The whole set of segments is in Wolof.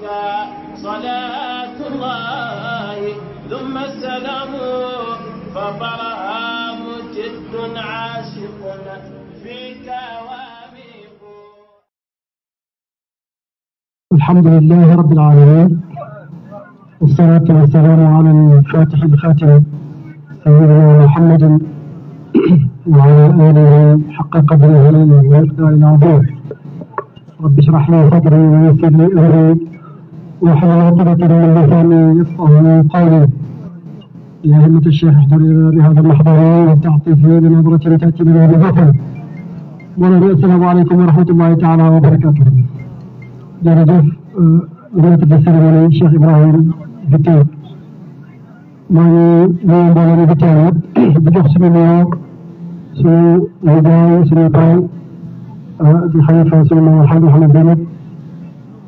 عليك صلاة الله ثم السلام فبرهام جد عاشق فيك واميق الحمد لله رب العالمين والصلاة والسلام على الفاتح الخاتم سيدنا محمد وعلى آله حق قدره والإقدار العظيم رب اشرح لي صدري ويسر لي أمري واحلل عقدة من لساني يفقه قولي يا همة الشيخ احضر إلى لهذا المحضر والتعطيف لنظرة تأتي من أبي بكر مولانا السلام عليكم ورحمة الله تعالى وبركاته jërëjëf directeur de cérémonie Cheikh Ibrahim bi teew maa ngi nuyu mbooloo bi teew yëpp di jox suñu nuyoo suñu liggéey suñu taw di xalifa suñu maam Alxaaji Ahmed Bennett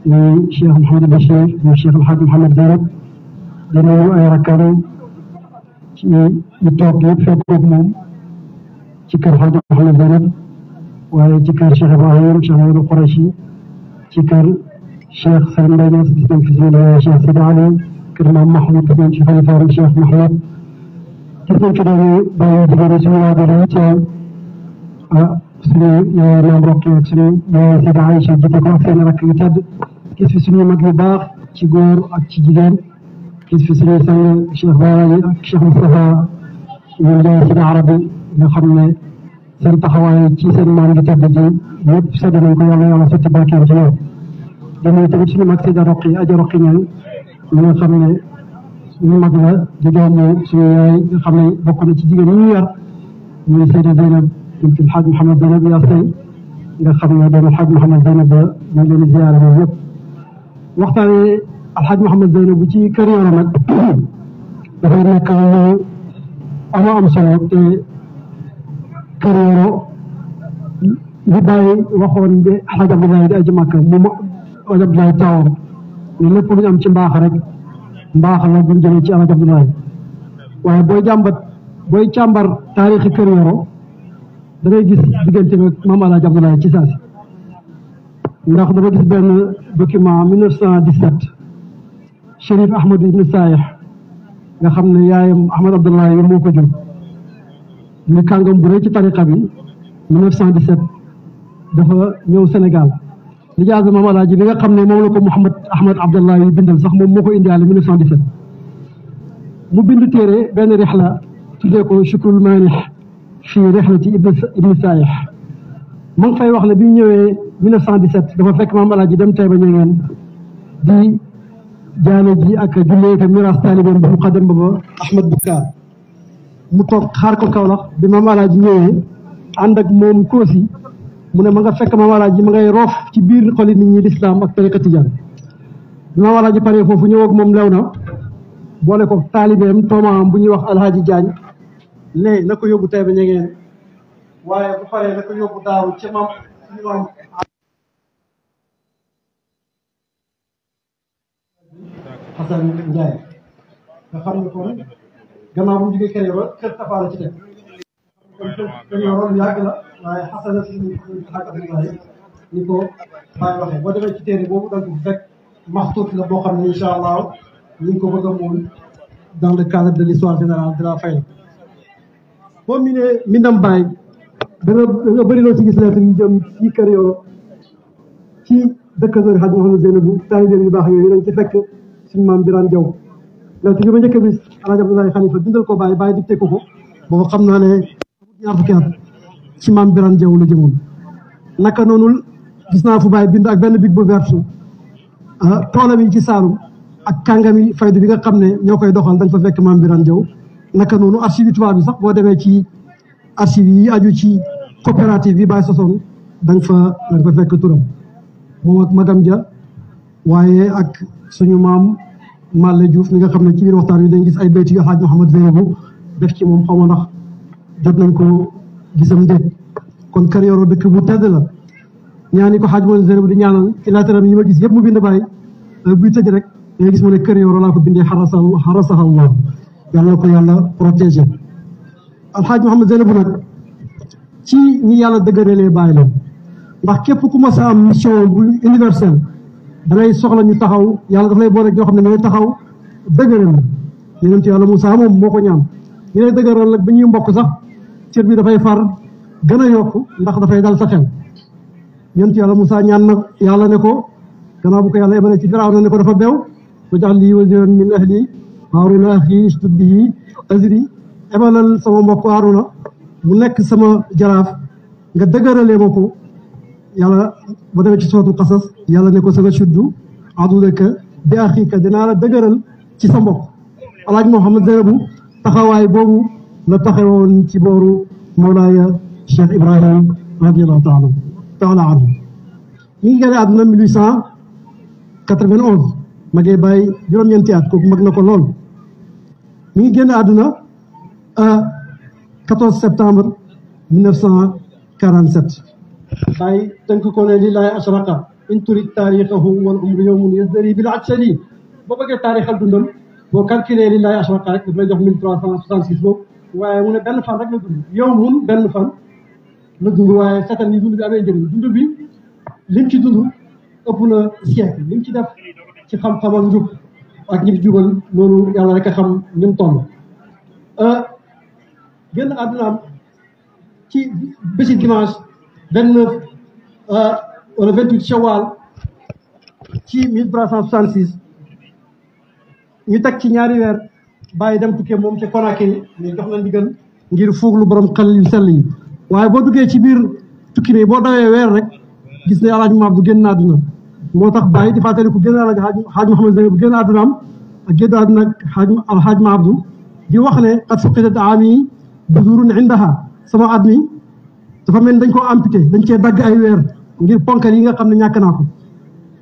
muy Cheikh Mouhamadou Bachir muy Cheikh El Hadj Mouhamed Diarab dinañu ay rakkam ci ñu toog yëpp fekkoog moom ci kër Hadj Mouhamed Diarab waaye ci kër Cheikh Ibrahim Cheikh Mamadou Qourachi ci kër Cheikh Sëriñ Mbaye Niass gis nañ fi suñu doon Cheikh Sidi Ali kër Maam Mahmoud gis nañ ci xalifaam Cheikh Mahmoud gis nañ fi doon bàyyi jigéen suñu waajur yi ci ah, suñu yaay Maam Roqi ak suñu yaay Sidi Aïcha jiite ko ak seen rakk yu tedd gis fi suñu mag yu baax ci góor ak ci jigéen gis fi suñu sang Cheikh Baye ak Cheikh Moustapha ñu njaay seen arabi nga xam ne seen taxawaay ci seen maam gi tedd ji ñëpp sedd nañ ko yàlla yàlla sotti barkeem ci loolu dañuy tamit suñu mag Seyda Roqi Aja Roqi ñaan ñu nga xam ne suñu mag la di doom suñu yaay nga xam ne bokk na ci jigéen ñi ñu yar ñuy Seyda Zeynab bint El Hadj Mouhamed Zeynab Yaas nga xam ne doomu El Hadj Mouhamed Zeynab ba ñu leen ziyaare ñoom yëpp waxtaane alxaaj Mouhamed Zeyna bu ci kër yoonam nag dafay nekk lu amoo am solo te kër yooro li bàyyi waxoon bi alxaaj Abdoulaye di aji Makka mu alxaaj Abdoulaye taawam ne lépp lu ñu am ci mbaax rek mbaax la bu ñu jëlee ci alxaaj Abdoulaye waaye booy jàmbat booy càmbar taarixi kër yooro da ngay gis diggante ak maam alxaaj Abdoulaye ci saasi ndax dama gis benn document 1917 Chérif Ahmad Ibn Sayex nga xam ne yaayam Ahmad Abdoulaye moo ko jur muy kàngam bu rëy ci tariqa bi 1917 dafa ñëw Sénégal lijaasa Maam Alaaji bi nga xam ne moom la ko Mouhamad Ahmad Abdoulaye bindal sax moom moo ko indiwaale 1917 mu bind téere benn rihla tuddee ko Chukrul Maanih fii rihlati Ibn Sayex ma fay wax ne bi ñëwee. 1917 dafa fekk maam alaaji dem Taïba Niangène di jaale ji ak jullee ka miraas taalibeem bu muqaddam ba Ahmad Boucar mu toog xaar ko Kaolack bi maam alaaji ñëwee ànd ak moom Koosi mu ne ma nga fekk maam alaaji ma ngay roof ci biir xoli nit ñi lislaam ak tariqa tijaan bi maam alaaji paree foofu ñëw moom lew boole ko taalibeem toomaam bu ñu wax alhaaji Diagne ne na ko yóbbu Taïba Niangène waaye bu paree na ko yóbbu daaw ci maam Assane Ndiaye nga xam ne kon gannaaw bu mu jógee Kayoor kër Tafa la ci def kon kër Kayoor yàgg la waaye Assane la si ñu xaaj Assane ni ko Baye waxee boo demee ci téere boobu da nga ko fekk maxtuut la boo xam ne incha allah ñu ngi ko bëgg a mool dans le cadre de l'histoire générale de la Fayda boo mi ne Mbindam Baye danga danga bëri loo ci gis lettre yu jëm ci Kayoor ci dëkk Hadj Mouhamadou Zeynabou taalibe yu baax yooyu dañ ci fekk. suñu maam Birane Diaw lettre gi jëkk njëkk a bis alaaj Abdoulaye Khalifa bindal ko bay bàyyi dicté ko ko boobu xam naa ne ñaar fukki at maam Birane Diaw la jëmoon naka noonu gis naa fu bàyyi bind ak benn big bu verte ah, toolam yi ci Saalum ak kàngam yi bi nga xam ne ñoo koy doxal dañ fa fekk mam Birane jaw naka noonu archive yi tubaab sax boo demee ci archive yi aju ci coopérative yi bàyyi sosoon da fa da fekk turam moom ak magam ja waaye ak suñu maam Malle Diouf mi nga xam ne ci biir waxtaan wi dañ gis ay bayti yoo xaaj Mouhamed Vénébu def moom xaw ma ndax jot nañ ko gisam déet kon kër yoroo dëkk bu tedd la ñaani ko xaaj Mouhamed Vénébu di ñaanal ci laataram yi ma gis yëpp mu bind bàyyi buy tëj rek da gis mu ne kër yoroo laa ko bindee xarasa xarasaha Allah yàlla ko yàlla protégé alxaaj Mouhamed Vénébu nag ci ñi yàlla dëgëralee bàyyi la ndax képp ku mas a am mission bu universelle da ngay soxla ñu taxaw yàlla daf lay boole ñoo xam ne ñooy taxaw dëgëral la yonent yàlla Moussa moom moo ko ñaan ñu lay ba nag ñuy mbokk sax cër bi dafay far gën a yokk ndax dafay dal sa xel yonent yàlla Moussa ñaan na yàlla ne ko gannaaw bu ko yàlla yebale ci Firawna ne ko dafa beew waj'al lii waziran min ahli Haaruna axii ushdud bihi azri ebalal sama mu nekk sama jaraaf nga dëgëralee ma yàlla ba demee ci suratul qasas yàlla ne ko sa shuddu adudaka bi axiika dinaa la dëgëral ci sa mbokk alaaj Mouhamed Zeynabou taxawaay boobu la taxawoon ci booru Mawlaaya Cheikh Ibrahim radiallahu taala taala anhu mi ngi génne àdduna 1891 magee bàyyi juróom-ñeenti at kooku mag na ko lool mi ngi génn àdduna 14 euh, septembre 1947 bàyyi tënk ko ne lillahi asraqa in turid taarixahu wal umru yowmun yasdari bil ajsali boo bëggee taarixal dundam boo calculé lillahi asraqa rek daf lay jox mille trois cent soixante six boobu waaye mu ne benn fan rek la dund yowmun benn fan la dund waaye seetal ni dund bi amee njëriñ dund bi lim ci dund ëpp na siècle lim ci def ci xam-xam ak njub ak ñi fi jubal loolu yàlla rek a xam ni mu toll euh, génn àdduna am ci bési dimanche vingt neuf euh, wala ci mille trois cent soixante six ñu teg ci ñaari weer bàyyi dem tukkee moom ci Conakry ni jox na ndigal ngir fuuglu borom xel yu sell yi waaye boo duggee ci biir tukki bi boo dawee weer rek gis ne alaaj mu abdu génn àdduna moo tax bàyyi di fàttali ku génn alaaj xaaj Muhammad Zeynab bu génn àdduna am ma abdu di wax ne qad fuqidat aami buduurun indaha sama at mi dafa mel dañ koo amputé dañ cee dagg ay weer ngir ponkal yi nga xam ne ñàkk naa ko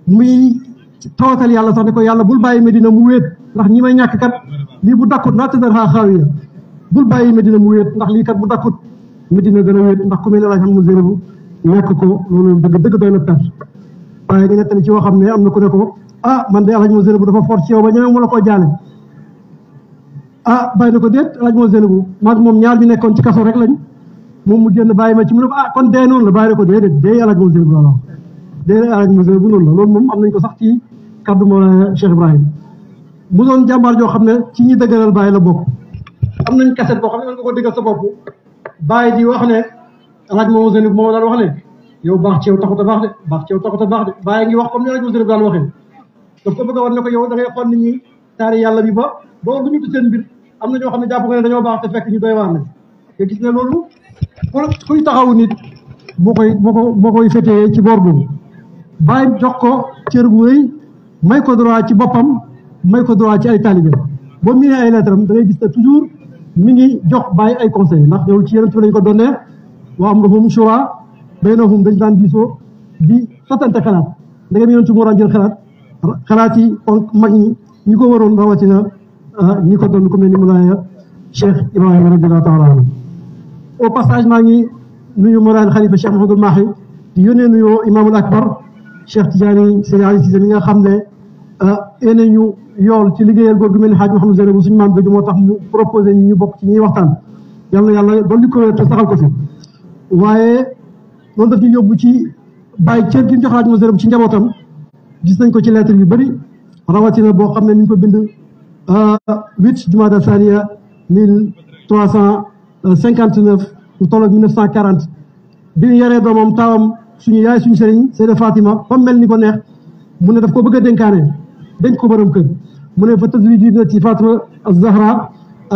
muy tawatal yàlla sax ne ko yàlla bul bàyyi Medina mu wéet ndax ñi may ñàkk kat lii bu dakkut laa tëddal xaa xaawiya bul bàyyi Medina mu wéet ndax lii kat bu dakkut Medina gën a wéet ndax ku mel ne laaj xam mu dëgg dëgg doy na perte waaye nga nettali ci xam ne am na ko ne ko ah man de alhaj moo zérébu dafa fort ci yow ba ñemee mu la koo jaale ah bàyyi na ko déet alhaj moo zérébu maag moom ñaar ñu nekkoon ci kaso rek lañ moom mu génn bàyyi ma ci mu ne ko ah kon dee noonu la bàyyi ko dee dee yàlla ak Mawzir bu la la loolu moom am nañ ko sax ci kaddu Mawlana Cheikh Ibrahim mu doon jàmbaar joo xam ne ci ñi dëgëral bàyyi la bokk am nañ kaset boo xam ne man nga ko dëggal sa bopp bàyyi di wax ne alaaj Mawzir bu moom daan wax ne yow baax ci yow taxut a baax de baax ci yow taxut a baax de bàyyi ngi wax a war ne yow da ngay xool nit ñi taari yàlla bi ba boo lu ñu seen mbir am na ñoo xam ne jàpp nga ne dañoo baax te fekk ñu doy waar ne nga gis wala kuy taxawu nit moo koy moo ko moo koy féetee ci boor boobu bàyyi jox ko cër bu rëy may ko droit ci boppam may ko droit ci ay taalibe boo miinee ay lettre am da ngay gis ne toujours mi ngi jox baay ay conseil ndax loolu ci yeneen fi lañ ko donnee waa amruhum shuuraa baynahum dañ daan diisoo di sottante xalaat ndegem yoon ci moo daan jël xalaat xalaat yi on mag ñi ko waroon rawatina ah, ñi ko doon ku mel ni Mawlaya Cheikh Ibrahima radiyallaahu taala anhu au passage maa ngi nuyu Mawlana Khalifa Cheikh Mouhamadul Mahi di yónnee nuyoo Imaamul Akbar Cheikh Tidiane Seydi Ali Cissé mi nga xam ne ah, yéen ñu yool ci liggéeyal góor gu mel ni Hadj Mouhamadou Zeynabou suñu maam moo tax mu proposé ñu bokk ci ñuy waxtaan yal na yàlla dolli ko te saxal ko fi waaye loolu daf ñu yóbbu ci bàyyi cër gi ñu jox Hadj Mouhamadou Zeynabou ci njabootam gis nañ ko ci lettre yu bëri rawatina boo xam ne ni ñu ko bind 8 ah, jumaada saniya 1300 59 euh, mu tolloog 1940 bi ñu yaree doomam taawam suñu yaay suñu sëriñ Seyda Fatima ba mel ni ko neex mu ne daf ko bëgg a dénkaane dénk ko borom kër mu ne fa tazwiju na ci Fatima az-Zahra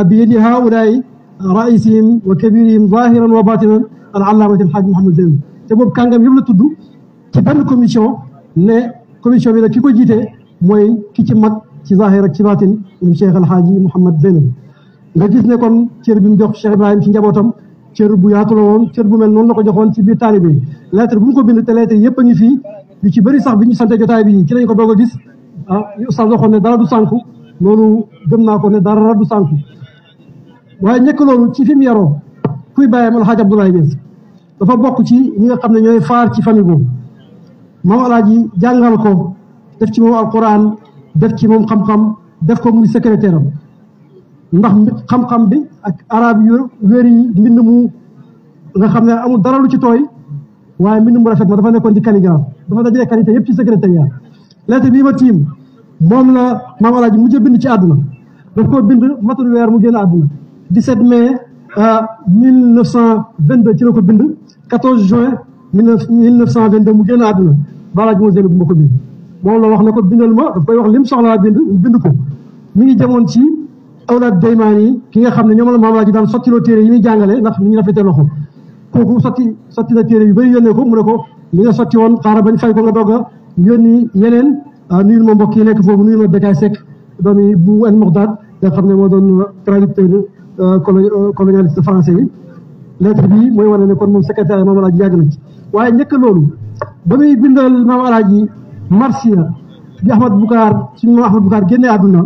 bi yadi haulaay raisihim wa kabirihim zahiran wa batinan al allamati alhaaj Mouhamed Zeyn te boobu kàngam yëpp la tudd ci benn commission ne commission bi nag ki ko jiite mooy ki ci mag ci zahir ak ci batin mu Cheikh alhaaji Mouhamed Zeyn nga gis ne kon cër bi mu jox Cheikh Ibrahim ci njabootam cër bu yaatu la woon bu mel noonu la ko joxoon ci biir taalibe bi lettre bu ko bind te lettre yëpp a ngi fii lu ci bëri sax bi ñu sante jotaay bi ci lañ ko doog a gis ah ustaz waxoon ne dara du sànku loolu gëm naa ko ne dara du sànku waaye ñekk loolu ci fi mu yaroo kuy bàyyam alxaaj Abdoulaye Niass dafa bokk ci ñi nga xam ne ñooy faar ci famille boobu moom alaaji jàngal ko def ci moom alquran def ci moom xam def ko muy ndax xam-xam bi ak arab yu wér yi mbind mu nga xam ne amul dara lu ci tooy waaye mbind mu rafet ma dafa nekkoon di calligraphie dafa dajee qualité yëpp ci secrétariat lettre bii ma tiim moom la maam alaaji mujj bind ci àdduna daf koo bind matul weer mu génn àdduna 17 mai 1922 euh, ci la ko bind 14 juin 1922 mu génn àdduna balaaji moo zébi bu ma ko bind moom la wax ne ko bindal ma daf koy wax lim soxlaa bind bind ko mi ngi jamoon ci awlaat daymaan yi ki nga xam ne ñoom la maam laa ji daan sottiloo téere yi muy jàngale ndax ñu rafetee loxo kooku sotti sotti na téere yu bëri yónnee ko mu ne ko li nga sotti woon xaaral fay ko nga dogg a yónni yeneen ah, nuyul ma mbokk yi nekk foofu nuyul ma Bekaay Seck doomi bu en Moxdaat nga xam ne moo doon traducteur euh, euh, colonialiste français yi lettre bi mooy wane ne kon moom secrétaire maam alaaji yàgg na ci waaye njëkk loolu ba muy bindal maam alaaji marsiya bi Ahmad Bukaar suñu maam Ahmad Bukaar génnee àdduna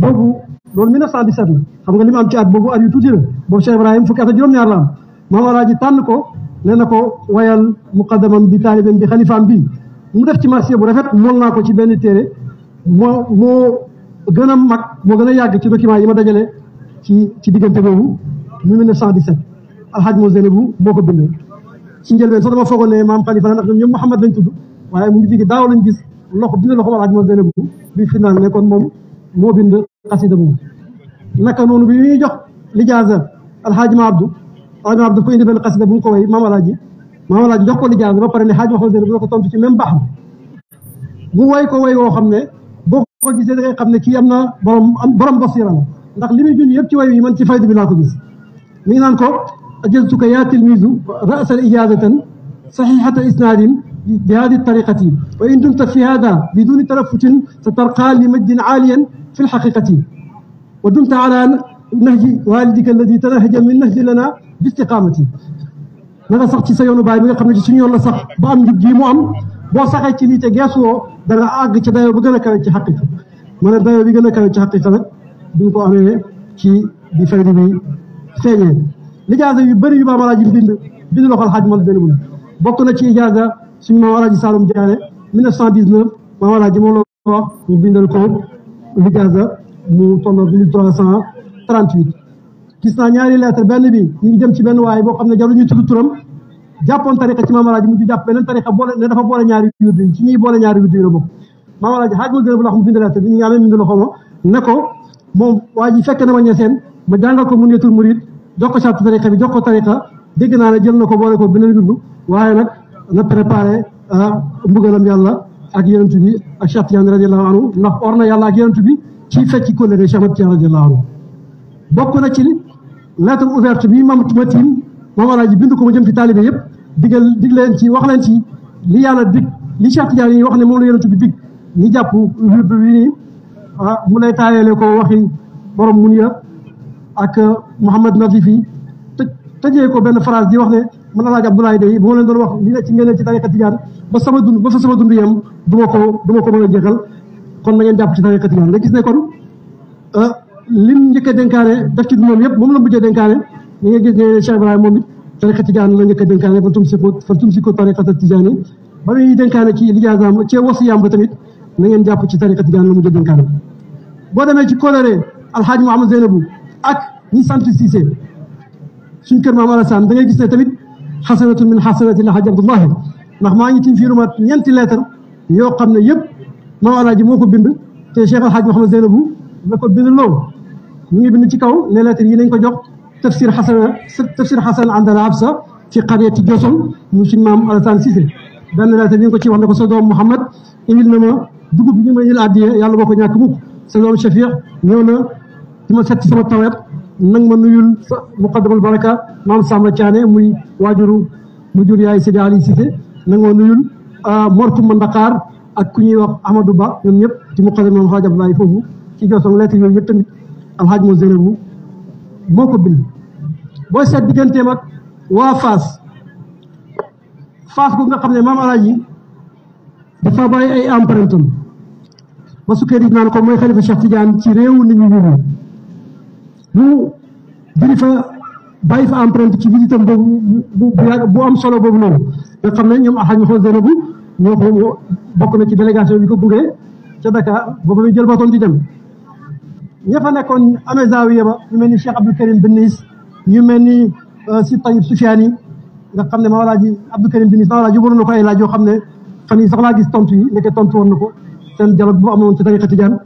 boobu loolu 1917 la xam nga li mu am ci at boobu at yu tuuti la boobu Cheikh Ibrahim fukki at ak juróom-ñaar la am maam alaaji tànn ko nee na ko wayal muqaddamam bi taalibeem bi xalifaam bi mu def ci marché bu rafet mool naa ko ci benn téere moo moo gën a mag moo gën a yàgg ci document yi ma dajale ci ci diggante boobu mu 1917 alhaj moo zene bu moo ko bind ci njëlbeen sax dama foogoon ne maam xalifa la ndax ñoom ñoom Mouhamad lañ tudd waaye mu ngi jigi daaw lañ gis loxo bind loxo alhaj moo zene bu bi fi naan ne moo bi xasida boobu naka noonu bi ñuy jox lijaasa alxaaji ma abdu alxaaji ma abdu dafa indi benn bu mu ko way maam alaaji maam alaaji jox ko lijaasa ba pare ne xaaji ma xool bu ko tontu ci même baax mu way ko way woo xam ne boo ko gisee da ngay xam ne kii am na borom borom basira la ndax li muy junj yëpp ci way yi man ci fayda bi laa ko gis mi ngi naan kaya ajaztuka yaa tilmiisu ra'sal ijaazatan saxiixata isnaadin بهذه الطريقة وإن دمت في هذا بدون تلفت سترقى لمجد عاليا في الحقيقة ودمت على نهج والدك الذي تنهج من نهج لنا باستقامة na nga sax ci sa yoonu baay bi nga xam ne suñu yoon la sax ba am njub gii mu am boo saxee ci lii te geesuwoo da nga àgg ci dayoo bu gën a kawe ci xaqiqa ma ne dayoo bi gën a kawe ci xaqiqa nag duñ ko amee ci bi faydi bi feeñee lijaasa yu bëri yu baamalaaj yi bind bind loxol xaaj mal benn bokk na ci ijaasa suñu maam Alaaji Saalum Diané 1919 maam Alaaji moo la wax ñu bindal ko lijaasa mu tolloo 1338 gis naa ñaari lettre benn bi ñu ngi jëm ci benn waaye boo xam ne jarul ñu tudd turam jàppoon tariqa ci maam Alaaji mu ngi jàpp beneen tariqa boole ne dafa boole ñaari wird yi ci ñuy boole ñaari wird yi la bokk maam Alaaji xaaj ma gën a bu la xam bind lettre bi ñu ngi amee bind loxo ma ne ko moom waa ji fekk na ma ñeseen ma jàngal ko mu neetul murid jox ko charte tariqa bi jox ko tariqa dégg naa ne jël na ko boole ko beneen bindu waaye nag na préparé ah, mbugalam yàlla ak yonent bi ak Cheikh Tidiane radiyallahu anhu ndax or na yàlla ak bi ci fecc kóllëre Cheikh Ahmad Tidiane radiyallahu anhu bokk na ci lettre ouverte bi mam ma tiim moom alaaji bind ko mu jëm ci taalibe yëpp digal dig leen ci wax leen ci li yàlla dig li Cheikh Tidiane yi wax ne moom la yonent bi dig ñi jàpp wird wi nii ah mu lay taayeele ko waxi borom mun ya ak ah, Mouhamad Nadifi tëjee ko benn phrase di wax ne man Alaaji Abdoulaye day bu ma leen doon wax li nekk ci ngeen ci tariqa tijaan ba sama dund ba fa sama ko du ma a jeexal kon na ngeen jàpp ci tariqa tijaan nga gis ne kon euh, lim njëkk a dénkaane def ci dundam yëpp moom la mujjee dénkaane ñi nga gis ne Cheikh moom a dénkaane fan tum si ko fan tum si ko tariqata tijaan yi ba ci lijaasaam ci wasiyaam tamit na ngeen jàpp ci tariqa tijaan la mujjee dénkaane boo demee ci kóolare alxaaji Mouhamed Zeynabu ak ñi sant Cissé suñ kër maam Alassane da ngay gis ne tamit xasanatun min xasanati la xaj abdullahi ndax maa ngi ci fiirumaat ñeenti leetar yoo xam ne yëpp maam alaaji moo ko bind te cheikh alhaaj mahamad zeynabu la ko bind loolu mu ngi bind ci kaw ne leetar yi nañ ko jox tafsir xasan tafsir xasan àndala absa fi xariyati joson mu suñ maam alassane sise benn leetar ñu ngi ko ci wax ne ko sa doom mouhamad indil na ma dugub bi ñu ma indil addiye yàlla boo ko ñàkk mukk sa doom chafiq ñëw na di ma set sama tawet nang ma nuyul sa muqaddamul baraka maam Samba Thiané muy waajuru mu jur yaay Sidi Ali Cissé na nga ma nuyul ah, mortu ma Ndakaar ak ku ñuy wax Amadou Ba ñoom ñëpp ci muqaddam maam xaaj Abdoulaye foofu ci josoon lettre yooyu moo zénébu moo ko bind booy seet digganteem ak waa Fass Fass bu nga xam ne maam alaaji dafa bàyyi ay empreintam ba sukkee di naan ko mooy xalifa Cheikh Tidiane ci réewu nit ñu bu diri fa bàyyi fa empreinte ci visitam boobu bu bu am solo boobu noonu nga xam ne ñoom axañ xool Zeynabu ñoo bokk na ci délégation bi ko buggee ca Dakar boobu ñu jël batoon di dem ña fa nekkoon amee zaawiya ba ñu mel ni Cheikh Abdou Karim Binnis yu mel ni euh, si Tayib Soufiane yi nga xam ne Mawlaaji Abdou Karim Binnis Mawlaaji waroon na ko ay laaj joo xam ne fan yii sax laa gis tontu yi nekkee tontu woon na ko seen dialogue bu amoon ci tariqa Tijaan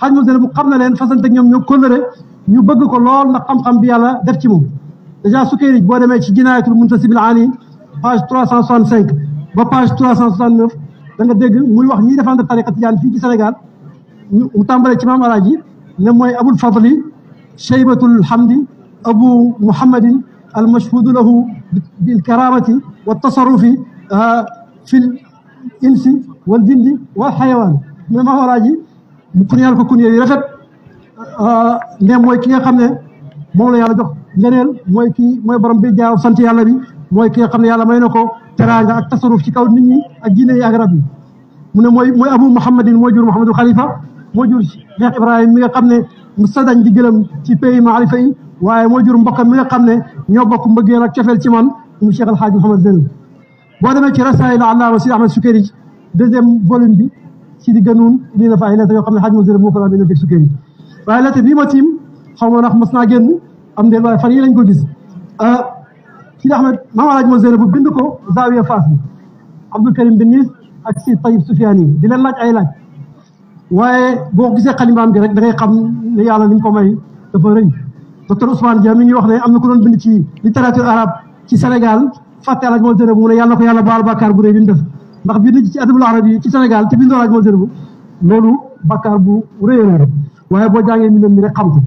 xaaj moom Zeynabu xam na leen fasante ak ñoom ñoo kóllëre ñu bëgg ko lool ndax xam-xam bi yàlla def ci moom dèjà Sukayrij boo demee ci jinaayatul muntasibil aani page trois cent soixante cinq ba page trois cent soixante neuf da nga dégg muy wax ñiy défendre tariqa tijaan fii ci Sénégal ñu mu tàmbalee ci maam alaaji ne mooy abul fadli shaybatul hamdi abu muhammadin al mashhudu lahu bil karamati wa tasarrufi ah, fil insi wal jindi wal xayawaan mais maam alaaji mu kuñaal ko kuñ yooyu rafet ne euh, mooy ki nga xam ne moom la yàlla jox ngeneel mooy ki mooy borom bi jaaw sant yàlla bi mooy ki nga xam ne yàlla may na ko teraanga ak tasaruf ci kaw nit ñi ak diine yi ak rab mu ne mooy mooy abu muhammadin mooy jur muhammadul xalifa moo jur cheikh mi nga xam ne mu sadañ di gëlëm ci pays maarifa yi waaye moo jur mbokkam mi nga xam ne ñoo bokk mbëggeel ak cofeel ci man mu cheikh alxaaj muhammad zen boo demee ci rasaayil allaama sidi ahmad sukeri deuxième volume bi si di gënuun indi na fa ay lettre yoo ne xaaj muhammad zen moo ko daan indi waaye lettre bii ma tiim xaw ma ndax mos naa génn am déet waaye fan yii lañ ko gis Sidi ma Maam Alaaji Moussa bu bind ko Zawiya Fass bi Abdul Karim bin Niis ak si Tayib Soufiane yi di leen laaj ay laaj waaye boo gisee xalimaam bi rek da ngay xam ne yàlla li ko may dafa rëy docteur Ousmane Dia mi ngi wax ne am na ku doon bind ci littérature arabe ci Sénégal fàtte Alaaji Moussa bu mu ne yàlla na ko yàlla baal bàkkaar bu rëy bi mu ndax bind ci adabul arab yi ci Sénégal te bindoo Alaaji Moussa bu loolu bàkkaar bu rëy waaye boo jàngee mbindam mi rek xam ko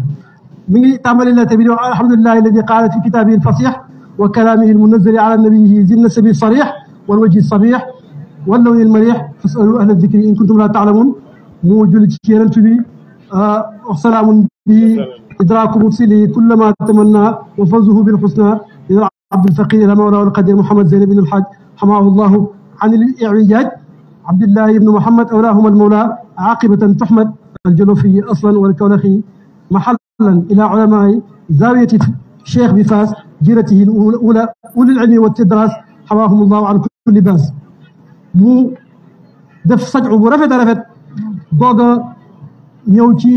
mi ngi tàmbali la tamit di wax alhamdulilahi alladi qaala fi kitaabihi alfasix wa kalaamihi almunazali ala nabiyihi zinna sabi sarix walwaji sabix wallawni almarix fasalu ahla dicri in kuntum la taalamun mu julli ci yonent bi ah, salaamun bi idraku mursili kullama tamanna wa fazuhu bilxusna ila abdulfaqir ila mawla walqadir mohamad zeynab ibn alhaj xamaahu llahu an al ijaaj abdillahi ibnu mohamad awlaahum almawla عاقبة تحمد الجنوفي أصلا والكونخي محلا إلى علماء زاوية شيخ بفاس جيرته الأولى أولي العلم والتدراس حواهم الله عن كل باس mu def sajcu bu rafet a rafet googa ñëw ci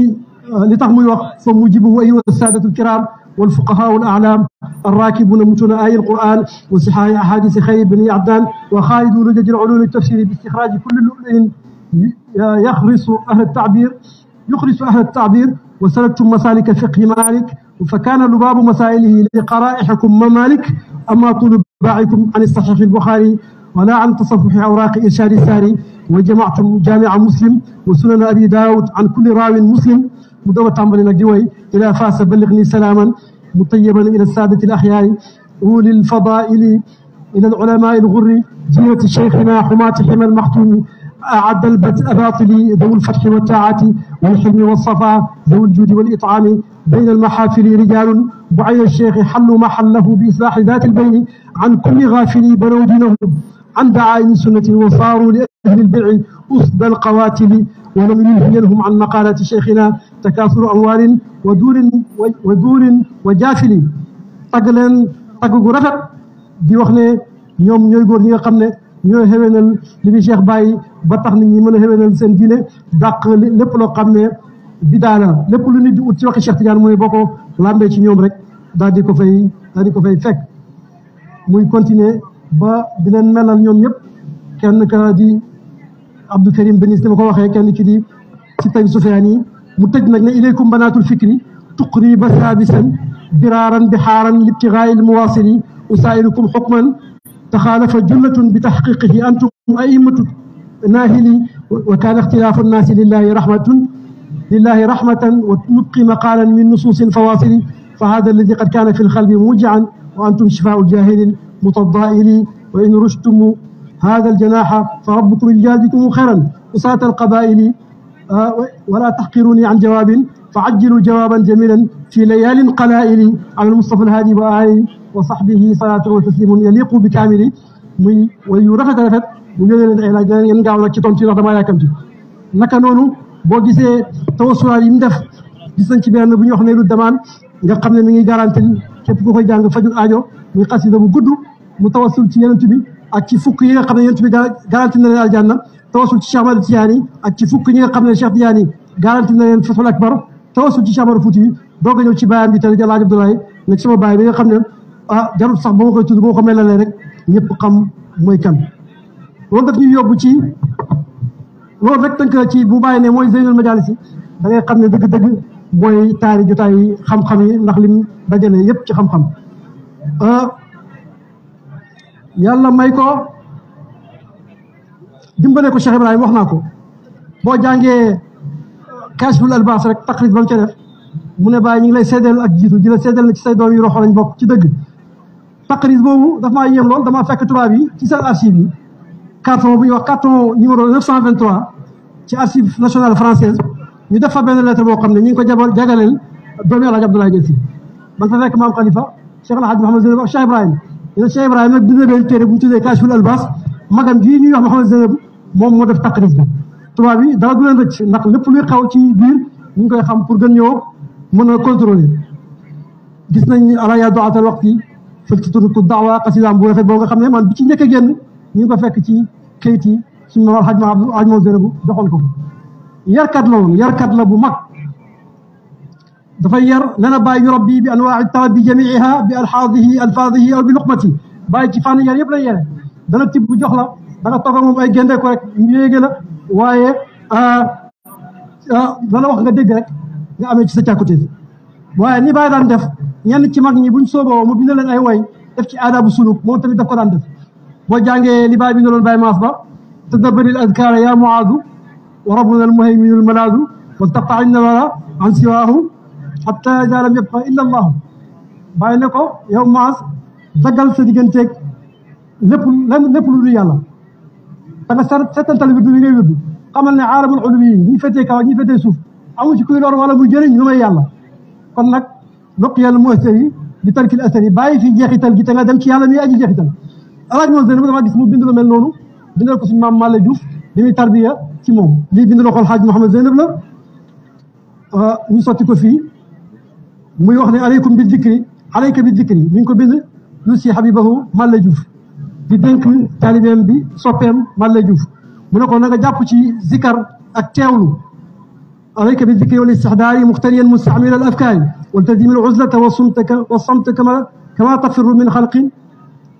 li tax muy wax fa mujibuhu ayuha saadatu alkiram والفقهاء والأعلام الراكبون متناء القرآن وصحاح أحاديث خير بن عبدان وخالدون جد العلوم التفسير باستخراج كل لؤلؤ يخرس أهل التعبير يخرس أهل التعبير وسلكتم مسالك فقه مالك فكان لباب مسائله لقرائحكم ممالك أما طول باعكم عن الصحيح البخاري ولا عن تصفح أوراق إرشاد الساري وجمعتم جامع مسلم وسنن أبي داود عن كل راو مسلم مدوة تعمل نجوي إلى فاس بلغني سلاما مطيبا إلى السادة الأخيار أولي الفضائل إلى العلماء الغر جيرة شيخنا حماة حمى المختوم أعد الأباطل ذوي الفتح والطاعة والحلم والصفاء ذوي الجود والإطعام بين المحافل رجال بعين الشيخ حلوا محله بإصلاح ذات البين عن كل غافل بنوا دينهم عن دعائم سنة وصاروا لأهل البدع أسد القواتل ولم ينهينهم عن مقالة شيخنا تكاثر أموال ودور ودور وجافل tagg leen tagg gu rafet di wax ne ñoom ñooy góor ñi nga xam ne ñooy xewenal li fi Cheikh bàyyi ba tax nit ñi mën a xewenal seen diine dàq lépp loo xam ne bidaa la lépp lu nit di ut ci waxi Cheikh Tidiane mu ne boo ko làmbee ci ñoom rek daal di ko fay daal di ko fay fekk muy continuer ba di leen melal ñoom ñëpp kenn ka di Abdou Karim Benis dama ko waxee kenn ki di ci tay Sufyaan yi mu tëj nag ne ilaykum banaatul fikri tuqri ba saabisan biraaran bixaaran libtiraayil muwaasili usaayilukum xukman taxaalafa jullatun bi taxqiqihi antum aimatu naahili wa kaana ixtilaafu nnaasi lillahi rahmatun lillahi rahmatan wa nubqi maqaalan min nusuusin fawaasili fa haada alladi qad kaana fi lxalbi mujaan wa antum shifaau jaahilin mutadaa'ili wa in rushtum haada aljanaaxa fa rabbukum yujaazikum xayran usaata alqabaa'ili wala taxqiruuni an jawaabin فعجلوا جوابا جميلا في ليال قلائل على المصطفى الهادي وآله وصحبه صلاة وتسليم يليق بكامل muy way yu rafet rafet mu ñëwee leen ay laaj dana ngeen gaaw nag ci tontu yi ndax damaa yàkkamti naka noonu boo gisee tawasulaat yi mu def gis nañ ci benn bu ñuy wax ne lu demaan nga xam ne mi ngi garanti képp ku koy jàng fajul aajo muy xasida bu gudd mu tawasul ci yenent bi ak ci fukk yi nga xam ne yenent bi garanti na leen aljanna tawasul ci Cheikh Ahmad Tidiane ak ci fukk yi nga xam ne Cheikh Tidiane garanti na leen fatul akbar tawasul ci Cheikh Omar Fouti doog a ñëw ci baayam bi te di Alaaji Abdoulaye nag sama baay bi nga xam ne ah jarul sax ba ma koy tudd boo ko melalee rek ñëpp xam mooy kan loolu daf ñuy yóbbu ci loolu rek tënk la ci bu bàyyi ne mooy Zeynul Majalis yi da ngay xam ne dëgg-dëgg mooy taari jotaay yi xam-xam yi ndax lim dajale yëpp ci xam-xam ah, yàlla may ko dimbale ko Cheikh Ibrahima wax naa ko boo jàngee kashful albaas rek taqrit ba mu ca def mu ne bàyyi ñu ngi lay seedeel ak jiitu di la seedeel na ci say doom yu roxo lañ bokk ci dëgg taqrit boobu daf maa yéem lool damaa fekk tubaab ci seen archive yi carton bu ñuy ci archive nationale française ñu def fa benn lettre boo xam ne ñu ko jabal jagaleel doomi El Hadj Abdoulaye Niass man fa fekk maam Khalifa Cheikh El Hadj Mouhamed Zeynab ak Cheikh Ibrahima yéen Cheikh Ibrahima nag bind na benn téere bu albaas magam jii ñuy wax Mouhamed Zeynab moom moo def tubaab yi dara du leen rëcc ndax lépp luy xaw ci biir ñu ngi koy xam pour gën ñoo mën a contrôler gis nañ ala yaa doxatal waxti fëlti turuku daawa xasidaam bu rafet boo nga xam ne man bi ci njëkk a génn ñu ngi ko fekk ci kayit yi suñu mamal xaj ma xaj ma zéna bu joxoon ko yarkat la woon yarkat la bu mag dafay yar lana bàyyi ñu rabbi bi anwaai tawat bi jamiiha bi alxaadihi alfaadihi aw bi luqmati bàyyi ci fànn yar yëpp lay yere dana tibb jox la danga toog moom ay géndeeku rek yéege la waaye dana ah, ah, wax nga dégg rek nga amee ci sa càkkute bi waaye ni bàyyi daan def ñenn ci mag ñi buñ sooboo mu bind leen ay woy ci aadaabu suluk moom tamit daf ko daan def boo jàngee li bàyyi bi ndaloon bàyyi maas ba tadabbaril adkaara yaa muaadu wa rabbuna almuhaymin almalaadu waltaqa inna wara an siwaahu xatta idaa lam yabqa illa allahu bàyyi ne ko yow maas daggal sa digganteeg lépp lépp lu yàlla danga sa setantal wirdu bi ngay wirdu xamal ne aalamul ulumi yi ñi féetee kaw ak ñi féetee suuf amu ci kuy lor wala muy jëriñ lu may yàlla kon nag luqyal mu'sari bi tarkil asari bàyyi fi jeexital gi te nga dem ci yàlla mi aji jeexital alaaj moom seen dama gis mu bind lu mel noonu bindal ko suñu maam Malick Diouf bi muy tarbiya ci moom lii bind na ko Alxaaj Mouhamed Zeynab la euh, ñu sotti ko fii muy wax ne aleykum bi dikri aleyka bi dikri mi ngi ko bind lu si habibahu Malick Diouf di dénk taalibeem bi soppeem Malla Diouf mu ne ko na nga jàpp ci zikar ak teewlu alayka bi zikri wal istixdaari muxtaniyan mustaamil al afkaari wal tadimi al uzlata wa sumtaka wa samta kama kama tafiru min xalqin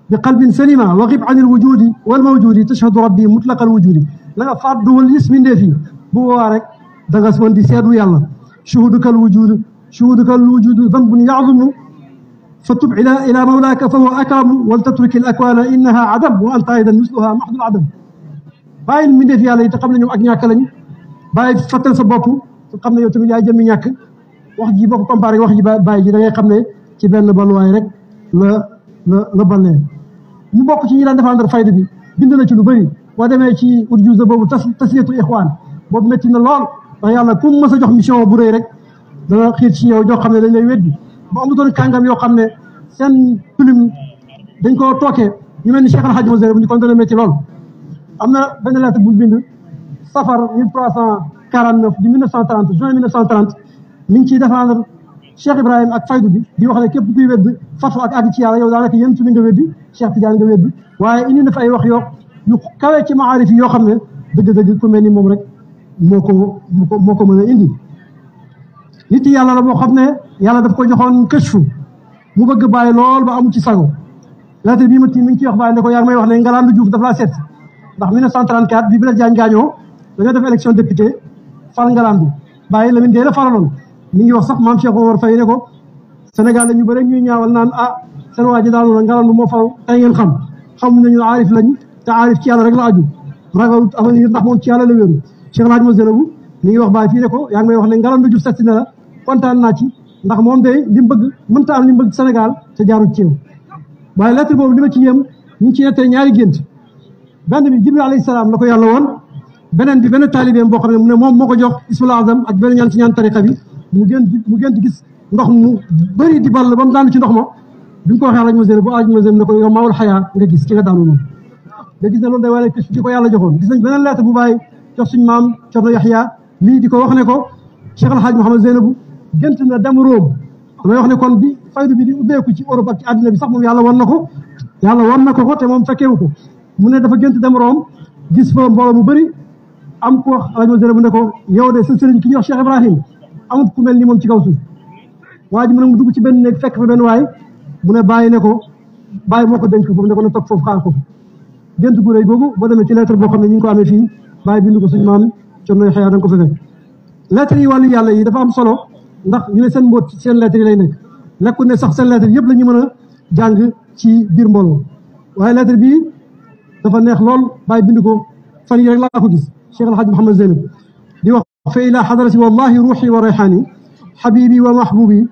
bi qalbin salima wa gib an al wujudi wal mawjudi tashhadu rabbi mutlaq al wujudi na nga fàddu wal gis mbindeef yi bu boobaa rek da nga mën di seedu yàlla shuhuduka al wujud shuhuduka al wujud dambun yaadumu فتب إلى إلى مولاك فهو أكرم ولتترك الأكوان إنها عدم وأنت أيضا مثلها محض العدم bàyyil mbindeef yàlla yi te xam ne ñoom ak ñàkk lañu bàyyi fàttal sa bopp te xam ne yow tamit yaay jëmmi ñàkk wax ji boo ko comparé wax ji bàyyi ji da ngay xam ne ci benn balluwaay rek la la la ballee ñu bokk ci ñi daan défendre fayda bi bind na ci lu bëri boo demee ci urjuza boobu tas tasiyatu ixwaan boobu métti na lool ndax yàlla ku mës a jox mission bu rëy rek dana xiir ci yow joo xam ne dañ lay weddi bu amutoon kàngam yoo xam ne seen plume dañ koo tooke ñu mel ni Cheikh Al Hadj Moussa bu ñu kontaan métti lool. am na benn lettre bu bind safar 1349 du 1930 juin 1930 mi ngi ciy défendre Cheikh Ibrahim ak faydu bi di wax ne képp kuy wedd fatu ak àgg ci yàlla yow yen yéen suñu nga weddi bi Tidiane nga weddi bi indi na fa ay wax yook yu kawee ci maarif yi yoo xam ne dëgg-dëgg ku mel ni moom rek moo ko moo ko moo ko mën a indi. nit yàlla la boo xam ne yàlla daf ko joxoon këcfu mu bëgg bàyyi lool ba amu ci sago lettre bii ma ti mi ngi ci wax bàyyi ne ko yaa ngi may wax ne Ngalandou Diouf daf laa seet ndax 1934 bii bi la jaañ gaañoo dañoo def élection député fal Ngalandou bàyyi Lamine Gueye la faraloon mi ngi wax sax maam Cheikh Omar Faye ne ko Sénégal la ñu bëri ñuy ñaawal naan ah seen waa ji daanu la Ngalandou moo faw tey ngeen xam xamuñ nañu aarif lañ te aarif ci yàlla rek la aju ragal am ndax moom ci yàlla la wéeru Cheikh Laaj Mazelabu mi ngi wax bàyyi fii ne ko yaa ngi may wax ne Ngalandou la kontaan naa ci ndax moom dey li mu bëgg mënta am li mu bëgg Sénégal te jaarul ci yow waaye lettre boobu li ma ci yem ñu ci nettee ñaari gént benn bi Jibril alayhi salaam la ko yàlla woon beneen bi benn taalibeem boo xam ne mu ne moom moo ko jox ismul azam ak benn ñaan ci ñaan tariqa bi mu gën mu gën gis ndox mu bari di ball ba mu daanu ci ndox ma bi mu ko waxee alaj maseri bu alaj maseri ne ko yow maawul xayaa nga gis ci nga daanu ko yàlla joxoon gis nañ beneen lettre bu bàyyi jox suñu maam Cerno Yaxya lii di ko wax ne ko Cheikh Alhaaj Mouhamed Zeynabu gént na dem Rome damay wax ne kon bi faydu bi di ubbeeku ci Europe ak ci àddina bi sax moom yàlla wan na ko yàlla wan na ko ko te moom fekkewu ko mu ne dafa gént dem room gis fa mbooloo mu bëri am ku wax alañ ma ne ko yow de sa sëriñ ki ñuy wax Cheikh Ibrahim amut ku mel ni moom ci kaw suuf waa ji mu ne dugg ci benn néeg fekk fa benn waay mu ne bàyyi ne ko bàyyi moo ko dénk foofu ne ko na toog foofu xaar ko gént gu rëy googu boo demee ci lettre boo xam ne ñu ko amee fii bàyyi bindi ko suñu maam Cerno Yaxya da nga ko fa fekk lettre yi wàllu yàlla yi dafa am solo ndax ñu ne seen mbóot ci seen lettre yi lay nekk nekkul ne sax seen lettre yëpp la ñu mën a jàng ci biir mbooloo waaye lettre bi dafa neex lool bàyyi bind ko fan yi rek laa ko gis Cheikh Alhaj Mouhamed Zeynab di wax fa ila xadrati wallahi ruuxi wa rayxaani xabibi wa mahbubi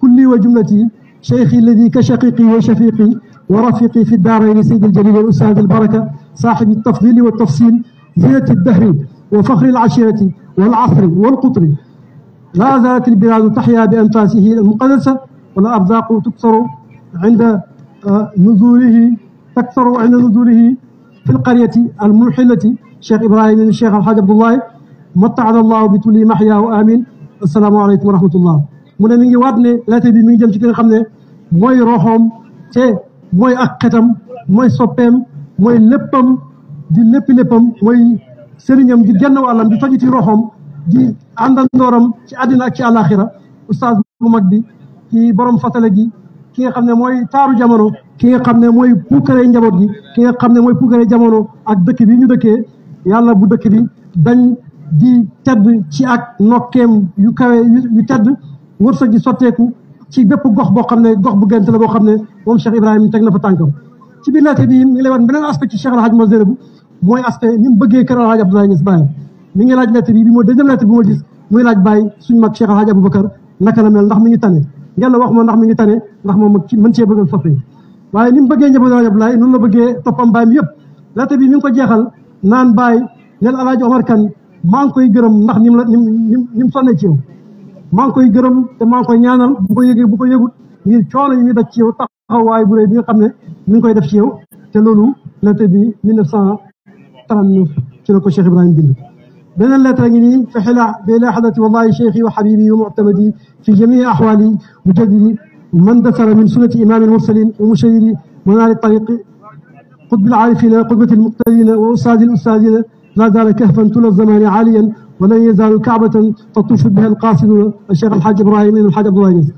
kulli wa jumlati cheikhi alladi ka shaqiqi wa shafiqi wa rafiqi fi daarayni sayd aljalil wal ustaad albaraka saaxibi tafdili wa tafsil zinati dahri wa faxri alashirati wal asri wal qutri ما زالت البلاد تحيا بأنفاسه المقدسة والأرزاق تكثر عند نزوله تكثر عند نزوله في القرية المنحلة شيخ إبراهيم الشيخ الحاج عبد الله متعنا الله بتولي محياه آمين asalaamaaleykum wa rahmatullah mu ne mi ngi waat ne lettre bi mi ngi jëm ci ki nga xam ne mooy roxoom te mooy ak xetam mooy soppeem mooy léppam di léppi léppam mooy sëriñam di genn wàllam di tojiti roxoom di àndandooram ci àddina ak ci àllaaxira ustaas bu mag bi ki borom fatale gi ki nga xam ne mooy taaru jamono ki nga xam ne mooy puukare njaboot gi ki nga xam ne mooy puukare jamono ak dëkk bi ñu dëkkee yàlla bu dëkk bi dañ di tedd ci ak nokkeem yu kawe yu tedd wërsëg ji sotteeku ci bépp gox boo xam ne gox bu gent la boo xam ne moom Cheikh Ibrahima teg na fa tànkam ci biir laajte bi mi ngi lay wax beneen aspect ci Cheikh El Hadj Moussa Zeynabou mooy aspect ni bëggee kër El Hadj Abdoulaye Niass mi ngi laaj lettre bi bi moo deuxième lettre bi ma gis muy laaj bàyyi suñu mag Cheikh Alhaji Aboubacar naka la mel ndax mi ngi tane ngeen la wax ma ndax mi ngi tane ndax moom mën cee bëggal fas yi waaye ni mu bëggee njabootu Alhaji Abdoulaye noonu la bëggee toppam bàyyi mi yëpp lettre bi mi ngi ko jeexal naan bàyyi neen Alhaji Omar kan maa ngi koy gërëm ndax ni mu la ni mu ni ci maa ngi koy gërëm te maa koy ñaanal bu ko yëgee bu ko yëgut ngir coono yi muy daj ci yow taxawaay bu rëy bi nga xam ne mi ngi koy def ci yow te loolu lettre bi 1939 ci la ko Cheikh Ibrahima bind beneen lettre ngi nii fexe la bi laxadati wallahi cheikhi wa xabibi wa muctamadi fi jamii axwaali mujaddidi man dasara min sunnati imami almursalin wa mushayiri manaari tariqi qutbi alaarifina qudbati almuqtadina wa ustaadi alustaadina la zaala kahfan tula zamani aaliyan wa lan yazaalu kaabatan tatuufu biha alqaasiduna cheikh alxaaj ibrahim ibn alxaaj abdoulaye Niass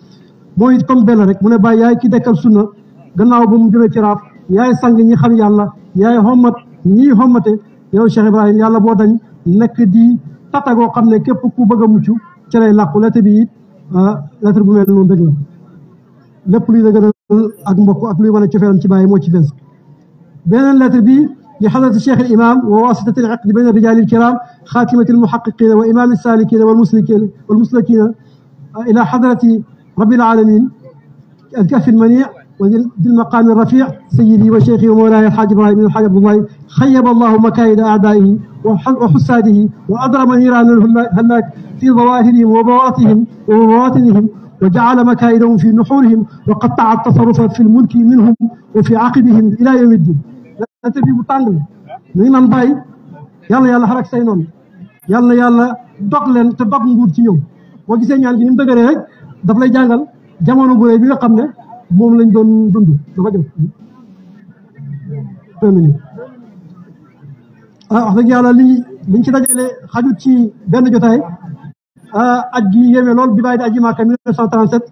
mooy comme benn rek mu ne bàyyi yaay ki dekkal sunna gannaaw ba mu jógee ci raaf yaay sang ñi xam yàlla yaay xommat ñii xommate yow cheikh ibrahim yàlla boo dañ nekk di tata goo xam ne képp ku bëgg a mucc ci lay làqu lettre bi it ah, lettre bu mel noonu dëgg la lépp luy dëgëral ak mbokk ak luy wane cofeelam ci bàyyi moo ci fees beneen lettre bi li xadrati cheikh al imam wa wasitati al aqdi bayna rijali al kiram xaatimati al muhaqiqina wa imam alsalikina wal muslikina wal muslikina ah, ila xadrati rabbil alamin al kahf al mani وبالمقام الرفيع سيدي وشيخي ومولاي الحاج ابراهيم بن الحاج عبد الله خيب الله مكائد اعدائه وحساده واضرم نيران الهلاك في ظواهرهم وبواطنهم ومواطنهم وجعل مكائدهم في نحورهم وقطع التصرف في الملك منهم وفي عقبهم الى يوم الدين. nante bi bu tàng mi ngi naan bàyyi yàlla yàlla xarak say noonu yàlla yàlla dog leen te dog nguur ci ñoom boo gisee ñaan gi ni mu dëgëree rek daf lay jàngal jamono bu rëy bi nga xam ne moom lañ doon dund dafa jot deux minutes ah wax dëgg yàlla lii liñ ci dajale xajut ci benn jotaay ah aj gi yéeme lool bi bàyyi di aji Màkka 1937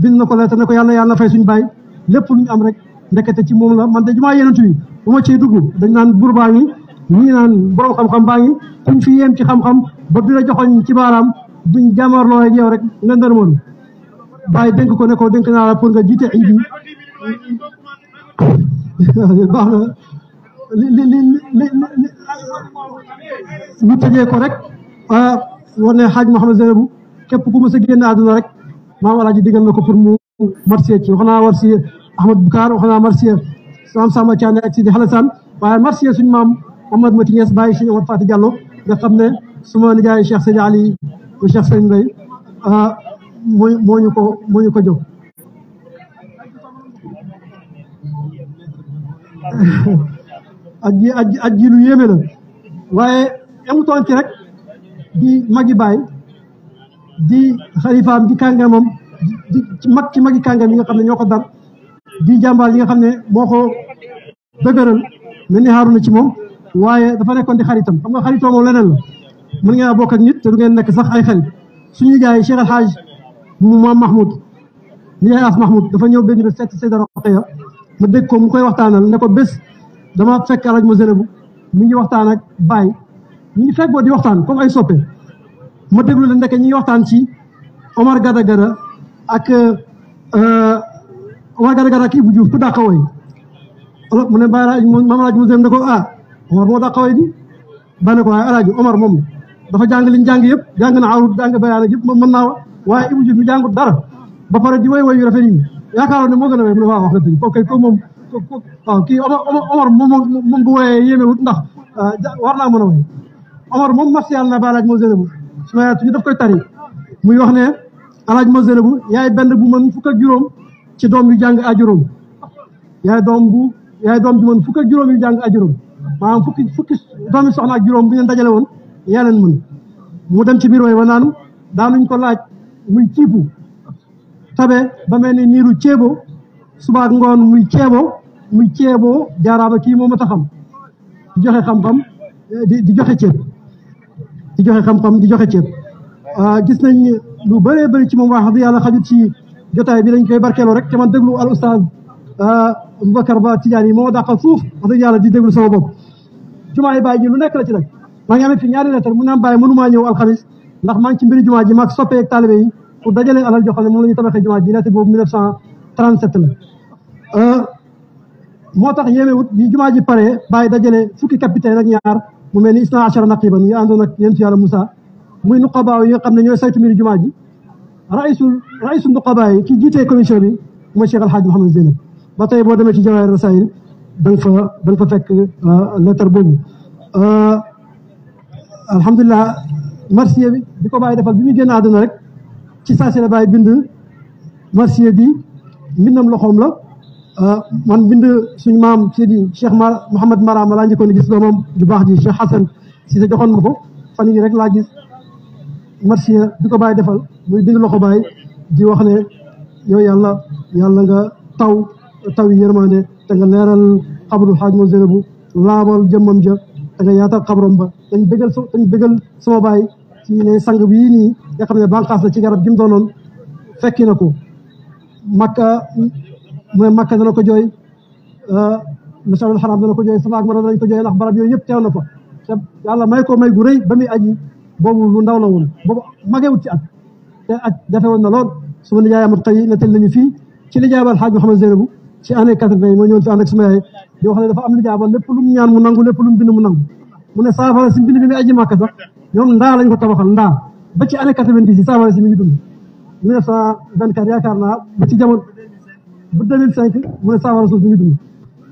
bind na ko leeta ne ko yàlla yàlla fay suñu bàyyi lépp lu am rek ndekete ci moom la man de jumaa yenentu bi bu ma ciy dugg dañ naan bur baa ngi naan borom xam-xam baa kuñ fi yéem ci xam-xam ba du la joxoñ ci baaraam duñ jàmmarloo ak yow rek nga ndërmoon bàyyi dénk ko ne denk dénk naa la pour nga jiite iid bi baax na li li li li ñu tëjee ah, ne xaaj Mouhamed Zeynabou képp ku mës a génn rek maam alaaji digal na ko pour mu marsiya ci naa marsiya Ahmad Bukaar wax naa marsiya Sam Samba Thiané ak Sidi Xalasan waaye marsiya suñu maam Mouhamed Mati Niass bàyyi suñu Omar Fati Diallo nga xam ne suma nijaay Cheikh Seydi Ali Cheikh Seydi Mbaye ah, moo moo ko moo ko jox aji aji aji lu yéeme la waaye amutoon ci rek di magi baay di xalifaam di kàngamam di ci mag ci magi kàngam yi nga xam ne ñoo ko dar di jàmbaar yi nga xam ne moo ko dëgëral mel ni xaaru na ci moom waaye dafa nekkoon di xaritam xam nga xaritoo moom leneen la mën ngaa bokk nit te du ngeen nekk sax ay xarit suñu jaay Cheikh El moom Mahmoud ni yaay as Mahmoud dafa ñëw benn bés seet Seyda Roqaya ma dégg ko mu koy waxtaanal ne ko bes dama fekk alaj ma Zeynab mi ngi waxtaan ak baay ñu ngi fekkoo di waxtaan comme ay soppe ma déglu la ndeke ñu ngi waxtaan ci Omar Gada Gada ak euh, Omar Gada ak Ibou Diouf ku dàqa woy mu ne baay laaj maam laaj ma Zeynab ko ah Omar moo daa woy di ba ne ko waaye alaaji Omar moom dafa jàng liñ jàng yëpp jàng na arut jàng bayaan yëpp mën naa wa waaye Ibou Diouf mi dara ba pare di woy woy yu rafet yi yaakaaroon ne moo gën a woy mu ne waaw wax dëgg kooku kay kooku moom waaw kii Omar moom moom bu woyee yéemewut ndax ah, war naa mën a woy Omar na ba alaaj moo zénébu su ma yaatu ñu daf koy tari muy wax ne alaaj moo bu yaay benn bu mën fukk ak juróom ci doom yu a ajuróom yaay doom bu yaay doom bu mën fukk ak juróom yu jàng ajuróom maanaam fukki fukki doomi soxna juróom bu ñu dajale woon yaa leen mën mu dem ci biir way wa naan daanuñ ko laaj muy ciipu tabe ba mel ni niiru ceebo suba ak ngoon muy ceebo muy ceeboo jaaraama kii moom ma taxam di joxe xam-xam eh, di joxe ceeb di joxe xam-xam di joxe ceeb ah, gis nañ lu bëree bëri ci moom wax dëgg yàlla xajut ci jotaay bi lañ koy barkeeloo rek te man déglu al oustaz ah, Aboubacar Ba Tidiane yi moo dàqal suuf wax yàlla di déglu sama bopp jumaa yi bàyyi ji lu nekk la ci nag maa ngi amee fi ñaari lettre mu naan bàyyi mënumaa ñëw alxamis ndax maa ngi ci mbiri jumaa ji maag soppe ak taalibe yi pour dajale alal joo xam ne moom la ñu tabaxee jumaa ji nekk boobu 1937 la euh, moo tax yéemewut bi jumaa ji pare bàyyi dajale fukki capitaine ak ñaar mu mel ni isna achara naqiban ñu àndoon ak yéen yàlla Moussa muy nuqabaaw yi nga xam ne ñooy saytu mbiri jumaa ji raisul raisul nuqabaa yi ki jiitee commission bi mooy Cheikh Alhaaj Mouhamed Zeynab ba tey boo demee ci jawaayir rasaayil da nga fa da nga fa fekk euh, lettre boobu euh, alhamdulilah marsiya bi di ko bàyyi defal bi muy génn àdduna rek ci saa si la marsiya bi mbindam loxoom la euh, man bind suñu maam Seydi Cheikh ma Mouhamad Marama laa njëkkoon gis doomam baax ji Cheikh Hassan si ko fan yi rek laa gis marsiya di ko bàyyi defal muy loxo bàyyi di wax ne yow yàlla yàlla nga taw taw yi yërmande te nga leeral xabru xaaj moo zénébu laabal jëmmam ja te yaatal xabrom ba dañ bëggal dañ bëggal ci ne sang bii nii nga xam ne bànqaas la ci garab gi mu doonoon fekki na ko makka mooy makka dana ko jooy ah, masharul xaram dana ko jooy safa ak marwa danañ ko jooy ndax barab yooyu yëpp teew na fa te yàlla may ko may gu ba muy aji boobu lu ndaw la woon boobu magewut ci at te at jafe woon na lool su ma nijaay amat xëy na tel nañu fii ci lijaabal xaaj Mouhamed Zeynabou ci année quatre-vingt yi moo ñëwoon fi ànd wax ne dafa am lijaabal lépp lu mu ñaan mu nangu lépp lu mu bind mu nangu mu ne saafara si mbind bi muy aji màkk sax ñoom ndaa lañ ko tabaxal ndaa ba ci année quatre-vingt-dix saafara si mi ngi dund mille neuf cent vingt-quatre yaakaar naa ba ci jamono bu deux mille cinq mu ne saafara suuf mi ngi dund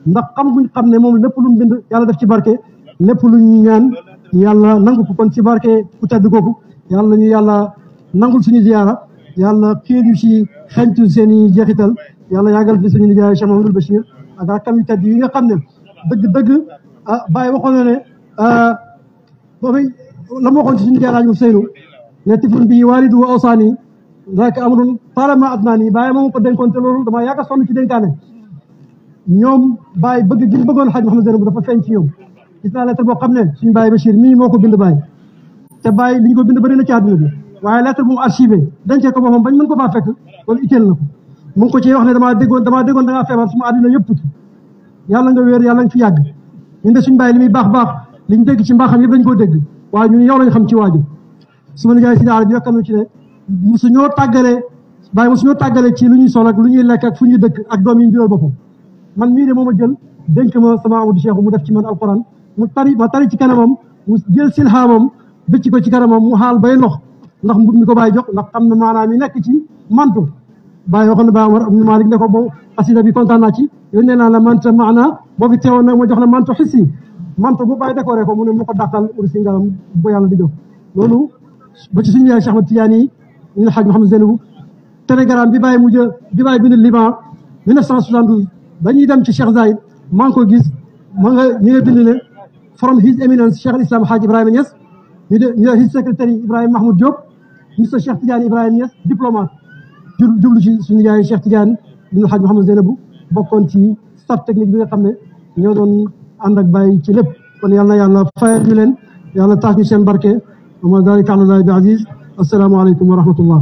ndax xam guñ xam ne moom lépp lu mu bind yàlla def ci barke lépp lu ñu ñaan yàlla nangu ko kon ci barke ku tedd kooku yàlla ñu yàlla nangul suñu ziyaara yàlla xëy ñu ci xentu seen i jeexital yàlla yàggal fi suñu nijaay Cheikh Mahamadul Bachir ak rakkam yu tedd yi nga xam ne dëgg-dëgg ah bàyyi waxoon na ne Euh, boobu la ma waxoon ci suñu jaaraaj bu Seynu ne tifun bi waalidu wa awsaani zaka amrun parama at naa nii bàyyi moom ko dénkoon te loolu dama yaakaar sonn ci dénkaane ñoom bàyyi bëgg gi mu bëggoon xaj Mouhamed Zeynabou dafa feeñ ci ñoom gis naa lettre boo xam ne suñu bàyyi Bachir mii moo ko bind bàyyi te bàyyi li ñu ko bind bëri na ci àdduna bi waaye lettre bu mu archivé dencee ko boppam bañ mën ko faa fekk loolu itteel na ko mu ko ci wax ne damaa déggoon damaa déggoon da ngaa feebar suma àddina yëpp yàlla nga wéer yàlla nga fi yàgg ñun de suñu bàyyi li muy liñ dégg ci mbaaxam yëpp dañ koo dégg waaye ñun yow lañ xam ci waaju su ma nijaay si daara bi yokkam na ci ne mosuñoo tàggale bàyyi mosuñoo tàggale ci lu ñuy sol ak lu ñuy lekk ak fu ñuy dëkk ak doom yi ñu jural boppam man mii de moom a jël dénk ma sama Amadou mu def ci man alquran mu tari ma tari ci kanamam mu jël silhaamam bëcc ko ci kanamam mu xaal bay lox ndax mbub mi ko bàyyi jox ndax xam na maanaam yi nekk ci mantu bàyyi waxoon na bàyyi war am maalik ne ko boo asida bi kontaan naa ci yónnee naa la manta maana boo fi teewoon nag ma jox la mantu xissi manta bu bàyyi décoré ko mu ne mu ko dàqal ursi ngaram bu yàlla di jóg loolu ba ci suñu yaay Cheikh Ahmad Tidiane yi ñu ne xaj Mouhamed Zeynabou télégramme bi bàyyi mujj bi bàyyi bind Liban 1972 ba ñuy dem ci Cheikh Zayed maa ngi ko gis ma nga ñu ngi bind ne from his eminence Cheikh al-Islam Hadj Ibrahima Niass ñu de ñu his secretary Ibrahima Mahmoud Diop monsieur Cheikh Tidiane Ibrahima Niass diplomate jublu ci suñu yaay Cheikh Tidiane ñu ne xaj Mouhamed Zeynabou bokkoon ci staff technique bi nga xam ne ñoo doon ànd ak bàyyi ci lépp kon yàlla na yàlla fayal ñu leen yàlla taas ñu seen barke ama dalika àlallahi bi aziz asalaamaaleykum wa rahmatullah